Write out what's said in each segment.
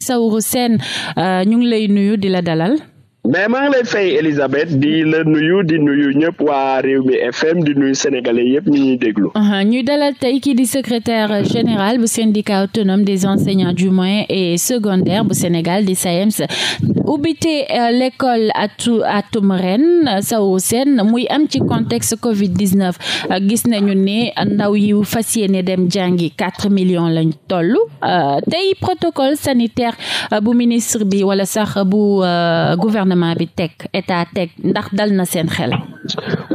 Saourou Sène euh, ñu ngi lay nuyu di la dalal mais maa lay fay Elisabeth di la nuyu di nuyu ñëpp waa Rewmi FM di nuyu sénégalais yëpp ñu ñuy déglu. Uh-huh. ñuy dalal tey kii di secrétaire général bu syndicat autonome des enseignants du moyen et secondaire bu Sénégal di SAEMS ubbite euh, l'école atu atum ren Sawo Sène muy am ci contexte Covid 19 euh, gis nañu ne ndaw yi fas yéene dem jàngi quatre millions lañ toll euh, tey protocole sanitaire bu ministre bi wala sax bu gouvernement. gouvernement bi teg eta teg ndax dal na seen xel.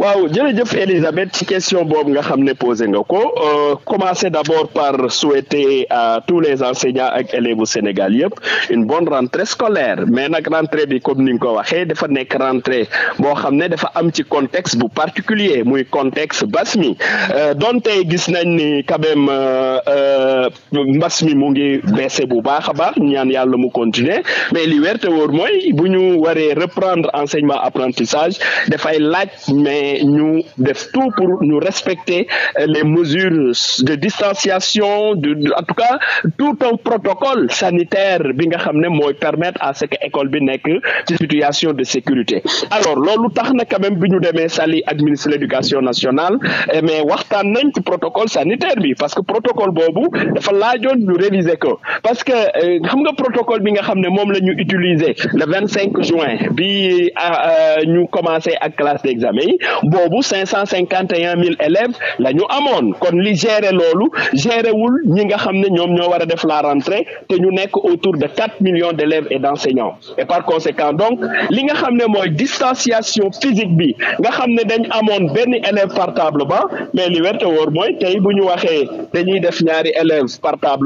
waaw jërëjëf Elisabeth ci question boobu nga xam ne posé nga ko euh, commencer d'abord par souhaiter à tous les enseignants ak éléve bu Sénégal yëpp une bonne rentrée scolaire mais nag rentrée bi comme ni nga ko waxee dafa nekk rentrée boo xam ne dafa am ci contexte bu particulier muy contexte mbas mi euh, donte gis nañ ni quand même euh, mbas mi mu ngi baissé bu baax a baax ñaan yàlla mu continuer mais li wér te mooy bu ñu waree reprendre enseignement apprentissage dafay laaj mais ñu def tout pour ñu respecter euh, les mesures de distanciation de, de en tout cas tout un protocole sanitaire bi nga xam ne mooy permettre à ce que école bi nekk ci situation de sécurité alors loolu tax na quand même bi ñu demee Saly ak ministre l'éducation nationale eh, mais waxtaan nañ ci protocole sanitaire bi parce que protocole boobu dafa laajoon ñu réviser ko parce que euh, xam nga protocole bi nga xam ne moom la ñu utiliser le vingt cinq juin bi euh, ñu commencé ak classe d'examen examen yi boobu cent cinquante et un mille élèves la ñu amoon kon li gérer loolu gérer wul ñi nga xam ne ñoom ñoo war a def la rentrée te ñu nekk autour de quatre millions d' élèves et d' enseignants et par conséquent donc li nga xam ne mooy distanciation physique bi nga xam ne dañ amoon benn élève par ba mais li werte mooy tey bu ñu waxee dañuy def ñaari élèves par ba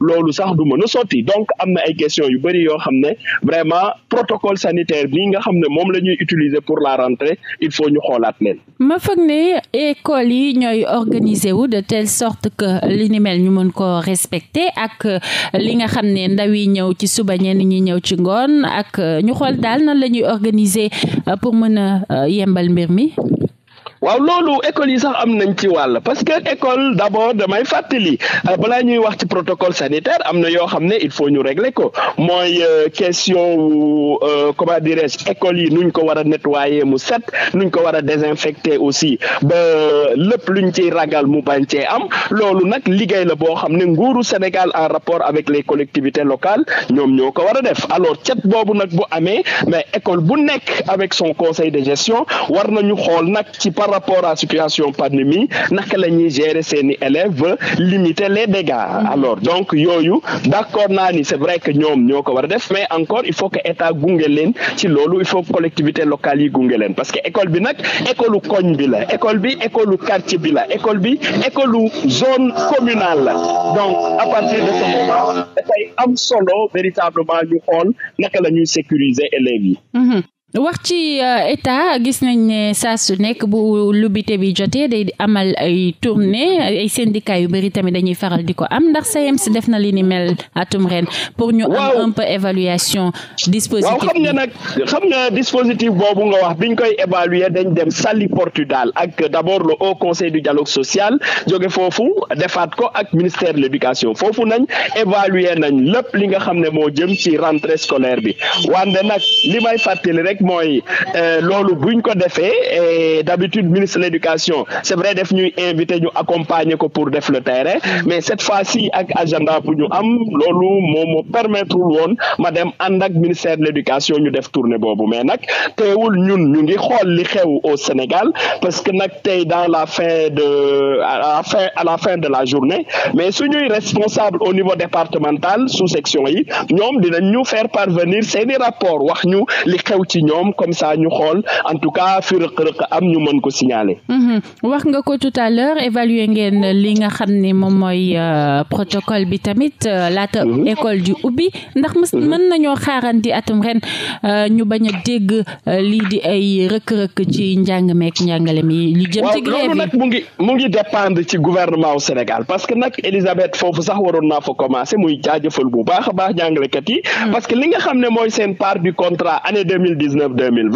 loolu sax du mën a sotti donc am na ay questions yu bëri yoo xam ne vraiment protocole sanitaire bi nga la ñuy pour faut ñu xoolaat leen. ma foog ne école yi ñooy organiser wu de telle sorte que li ni mel ñu mën ko respecter ak li nga xam ne ndaw yi ñëw ci suba ñenn ñi ñëw ci ngoon ak ñu xool daal nan la ñuy organiser pour mën a yembal mbir mi. waaw loolu école yi sax am nañ ci wàll parce que école d' abord damay fàttali euh, balaa ñuy wax ci protocole sanitaire am na yoo xam ne il faut ñu régler ko mooy euh, question wu euh, comment dirais-je école yi nuñ ko war a nettoyer mu set nuñ ko war a désinfecter aussi ba lépp luñ ciy ragal mu bañ cee am loolu nag liggéey la boo xam ne nguuru Sénégal en rapport avec les collectivités locales ñoom ñoo ko war a def alors cet boobu nag bu amee mais école bu nekk avec son conseil gestion par rapport à situation pandémie naka la ñuy gérer seeni élèves limiter les dégâts mm-hmm. alors donc yooyu d'accord naa ni c'est vrai que ñoom ñoo ko war def mais encore il faut que état gunge leen ci loolu il faut collectivité locale yi gunge leen parce que école bi nag école bi la école bi école u quartier bi la école bi école u zone communale la donc à partir de ce moment dafay am solo véritablement ñu xool naka la ñuy sécuriser élèves yi mm-hmm. wax ci euh, état gis nañ ne saa su nekk bu lubité bi jotee day amal ay tournée ay syndicat yu bëri tamit dañuy faral di ko am ndax si e def na li ni mel atum ren pour ñu am un évaluation dispositif waaw xam nga nag xam nga boobu nga wax biñ koy évaluer dañ dem Saly Portudal ak d'abord le haut conseil du dialogue social jóge foofu defaat ko ak ministère de l'éducation foofu nañ évaluer nañ lépp li nga xam ne moo jëm ci rentrée scolaire bi may fàttali rek rek mooy euh, loolu bu buñ ko defee e d'habitude ministre de l'éducation c'est vrai def ñuy invité ñu accompagner ko pour def le terrain mais cette fois-ci ak agenda pour ñu am loolu moo moo permettre woon ma dem ànd ak ministère de l'éducation ñu def tourner boobu mais nag teewul ñun ñu ngi xool li xew au Sénégal parce que nag tey dans la fin de à la la fin de la journée mais suñuy responsable au niveau départemental sous section yi ñoom dinañ ñu faire parvenir seeni rapport ñoom comme ça ñu xool en tout cas fi rëq-rëq am ñu mën ko signaler. Mhm. wax nga ko tout à l'heure évaluer ngeen li nga xam ne moom mooy euh, protocole bi tamit euh, laata mhm. école di ubbi ndax mhm. mën nañoo xaarandi atum ren euh, ñu bañ a dégg lii di ay rëkk-rëkk ci njàng meek njàngale mi li jëm ci grève yi nag mu ngi mu ngi dépendre ci gouvernement au Sénégal parce que nag Elisabeth foofu sax waroon naa fa commencé muy jaajëfal bu baax a baax jàngalekat yi parce que li nga xam ne mooy seen neuf deux mille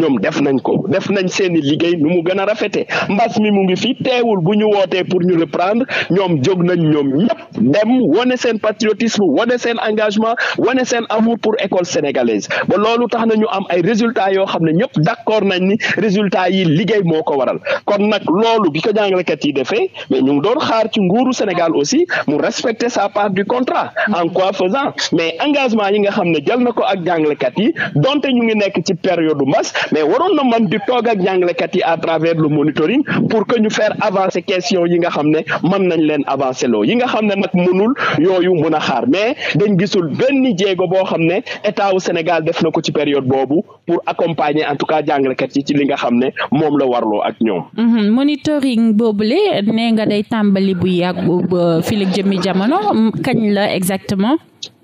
ñoom def nañ ko def nañ seeni liggéey nu mu gën a rafete mbas mi mu ngi fi teewul bu ñu wootee pour ñu reprendre ñoom jóg nañ ñoom ñëpp dem wane seen patriotisme wane seen engagement wane seen amour pour école sénégalaise ba loolu tax na ñu am ay résultats yoo xam ne ñëpp d'accord nañ ni résultat yi liggéey moo ko waral kon nag loolu bi ko jàngalekat yi defee mais ñu ngi doon xaar ci nguuru Sénégal aussi mu respecter sa part du contrat en quoi faisant mais yi nga xam ne jël na ko ak jàngalekat yi ci période mas mais waroon na man di toog ak jàngalekat yi à travers le monitoring pour que ñu faire avancer question yi nga xam ne mën nañ leen avancer loo yi nga xam ne nag mënul yooyu mën a xaar mais dañ gisul benn jéego boo xam ne état wu Sénégal def na ko ci période boobu pour accompagner en tout cas jàngalekat yi ci li nga xam ne moom la warloo ak ñoom. Mhm, monitoring boobule nee nga day tàmbali bu yàgg ba jëmmi jamono kañ la exactement.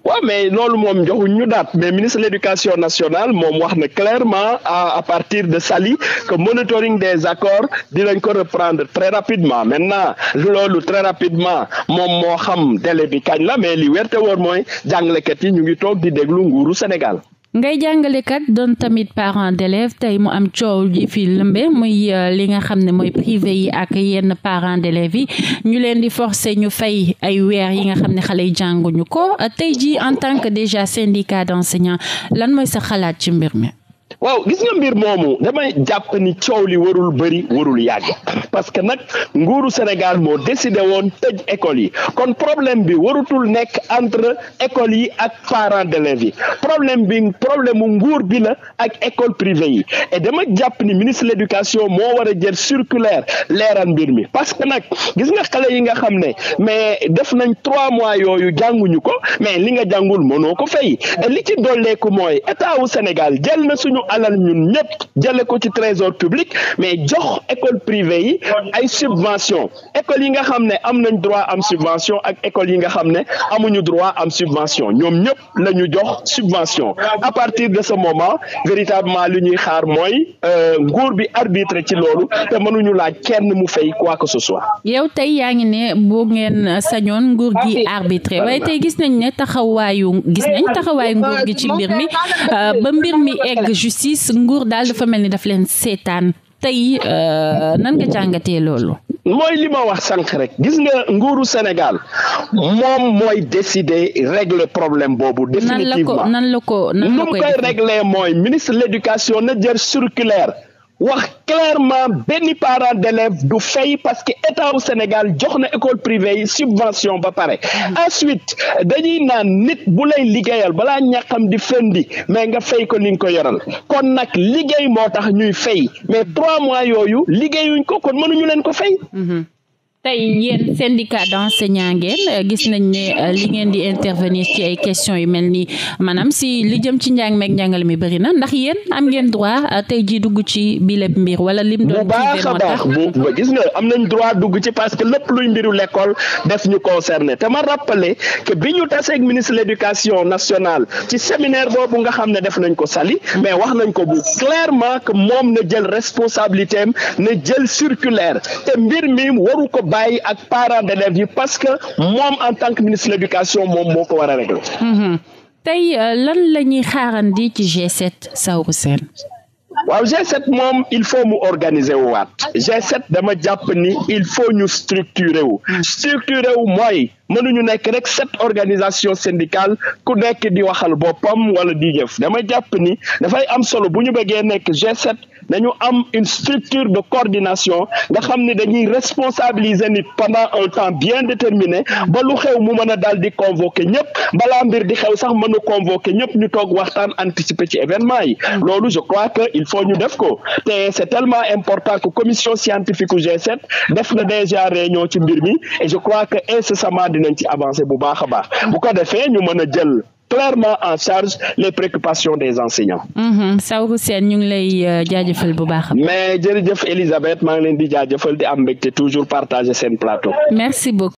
waaw ouais, loolu moom joxuñ ñu daat mais ministre de éducation nationale moom wax na clairement à, à partir de sali que monitoring des accords dinañ ko reprendre très rapidement maintenant loolu très rapidement moom moo xam délai bi kañ la mais li werte woon mooy jàngalekat yi ñu ngi toog di déglu nguuru Sénégal ngay jàngalekat doon tamit parent d'élève tey mu am coow ji fi lëmbe muy euh, li nga xam ne mooy privé yi ak yenn parent d'élève yi ñu leen di forcer ñu fay ay weer yi nga xam ne xale jànguñu ko tey ji en tant que déjà syndicat d'enseignants lan mooy sa xalaat ci mbir mi waaw gis nga mbir moomu damay jàpp ni coow li warul bëri warul yàgg parce que nag nguuru Sénégal moo décidé woon tëj école yi kon problème bi waratul nekk entre école yi ak parents d'élèves yi problème bi problème mu nguur bi la ak école privée yi et dama jàpp ni ministre de l'éducation moo war a jël circulaire leeral mbir mi parce que nag gis nga xale yi nga xam ne mais def nañ trois mois yooyu jànguñu ko mais li nga jàngul mënoo ko fay li ci dolleeku mooy état wu Sénégal alal ñun ñëpp jële ko ci trésor public mais jox école privée yi ay subvention école yi nga xam ne am nañ droit am subvention ak école yi nga xam ne amuñu droit am subvention ñoom ñëpp la ñu jox subvention à partir de ce moment véritablement li ñuy xaar mooy euh, nguur bi arbitre ci loolu te mënuñu laaj kenn mu fay quoi que ce soit. yow tey yaa ngi ne boo ngeen sañoon nguur gi arbitré waaye tey gis nañ ne taxawaayu gis nañ taxawaayu nguur gi ci mbir mi euh, ba mbir mi egg injustice nguur daal dafa mel ni daf leen seetaan tey euh, nan nga jàngatee loolu. mooy li ma wax sànq rek gis nga nguuru Sénégal moom mooy décider régler problème boobu. définitivement nan la ko nan la ko nan la koy régler mooy ministre de l'éducation na jër circulaire. wax clairement benn parent d'élève du fay parce que état wu Sénégal jox na école privée yi subvention ba pare mm-hmm. ensuite dañuy naan nit bu lay liggéeyal balaa ñàkkam di fendi mais nga fay ko li nga ko yoral kon nag liggéey moo tax ñuy fay mais trois mois yooyu liggéeyuñ ko kon mënuñu leen ko fay mm-hmm. tey yéen syndicat a ngeen gis nañ ne euh, li ngeen di intervenir ci ay questions yi mel nii maanaam si li jëm ci njàng meek njàngale mi bëri na ndax yéen am ngeen droit euh, tey jii dugg ci bile mbir wala lim doon baax a baax bu gis nga am nañ droit dugg ci parce que lépp luy mbiru lekool def ñu concerné te ma rappeler que bi ñu taseeg ministre l'éducation nationale ci séminaire boobu nga xam ne def nañ ko sali mais wax nañ ko bu clairement que moom na jël responsabilité am jël circulaire te bàyyi ak parents d'élèves yi parce que moom en tant que ministre de l'éducation moom moo ko war a régler. Mhm. tey euh, lan la ñuy xaarandi ci G7 Saourou Sène. waaw G7 moom il faut mu organiser wu waat G7 dama jàpp ni il faut ñu structurer wu mhm. structurer wu mooy mënuñu nekk rek sept organisation syndicale ku nekk di waxal boppam wala di jëf dama jàpp ni dafay am solo bu ñu bëggee nekk G7 dañu am une structure de coordination nga xam ni dañuy responsabiliser nit pendant un temps bien déterminé ba lu xew mu mën a daal di convoquer ñëpp bala mbir di xew sax mënu convoquer ñëpp ñu toog waxtaan anticiper ci événement yi mm. loolu je crois que il faut ñu def ko te c'est tellement important que commission scientifique u G7 def na déjà réunion ci mbir mi et je crois que incessamment dinañ ci avancer bu baax a baax mm. bu ko defee ñu mën a jël clairement en charge les préoccupations des enseignants. Mm-hmm. Saourou Sène ñu ngi lay euh, jaajëfal bu baax. mais jërëjëf Elisabeth maa ngi di jaajëfal di toujours partager seen plateau.